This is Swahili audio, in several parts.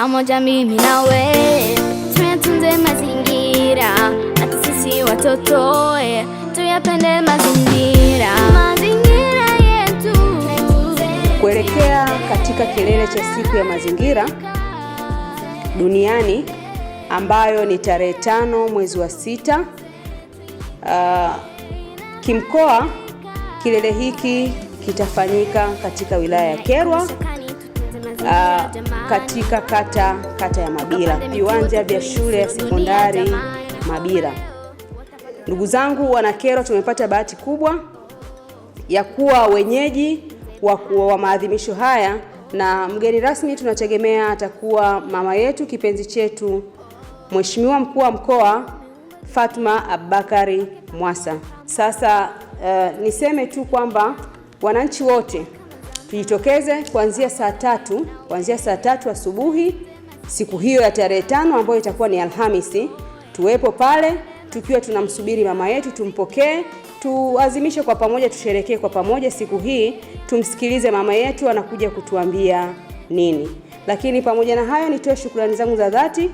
pamoja mimi na we tuyatunze mazingira, hata sisi watoto tuyapende mazingira, mazingira yetu. Kuelekea katika kilele cha siku ya mazingira duniani ambayo ni tarehe tano mwezi wa sita. Uh, kimkoa kilele hiki kitafanyika katika wilaya ya Kerwa uh, katika kata kata ya Mabira, viwanja vya shule ya sekondari Mabira. Ndugu zangu wanakerwa tumepata bahati kubwa ya kuwa wenyeji wa, wa maadhimisho haya na mgeni rasmi tunategemea atakuwa mama yetu kipenzi chetu Mheshimiwa Mkuu wa Mkoa Fatma Abubakari Mwasa. Sasa uh, niseme tu kwamba wananchi wote tujitokeze kuanzia saa tatu kuanzia saa tatu asubuhi siku hiyo ya tarehe tano ambayo itakuwa ni Alhamisi, tuwepo pale tukiwa tunamsubiri mama yetu, tumpokee, tuazimishe kwa pamoja, tusherekee kwa pamoja siku hii, tumsikilize mama yetu anakuja kutuambia nini. Lakini pamoja na hayo, nitoe shukrani zangu za dhati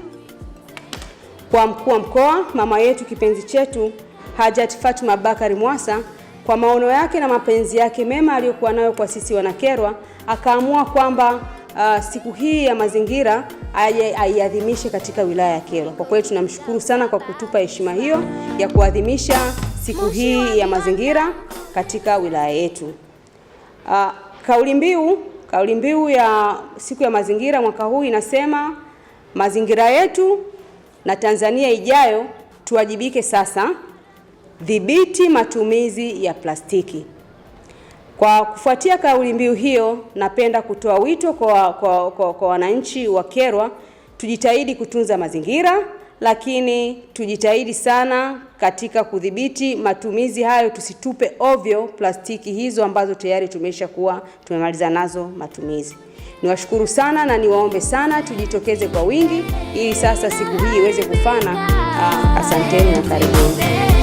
kwa mkuu wa mkoa, mama yetu kipenzi chetu Hajat Fatuma Bakari Mwasa kwa maono yake na mapenzi yake mema aliyokuwa nayo kwa sisi Wanakerwa, akaamua kwamba uh, siku hii ya mazingira aiadhimishe katika wilaya ya Kyerwa. Kwa kweli tunamshukuru sana kwa kutupa heshima hiyo ya kuadhimisha siku hii ya mazingira katika wilaya yetu. Uh, kauli mbiu kauli mbiu ya siku ya mazingira mwaka huu inasema mazingira yetu na Tanzania ijayo, tuwajibike sasa dhibiti matumizi ya plastiki. Kwa kufuatia kauli mbiu hiyo, napenda kutoa wito kwa, kwa, kwa, kwa wananchi wa Kyerwa tujitahidi kutunza mazingira, lakini tujitahidi sana katika kudhibiti matumizi hayo, tusitupe ovyo plastiki hizo ambazo tayari tumesha kuwa tumemaliza nazo matumizi. Niwashukuru sana na niwaombe sana tujitokeze kwa wingi ili sasa siku hii iweze kufana. Ah, asanteni na karibuni.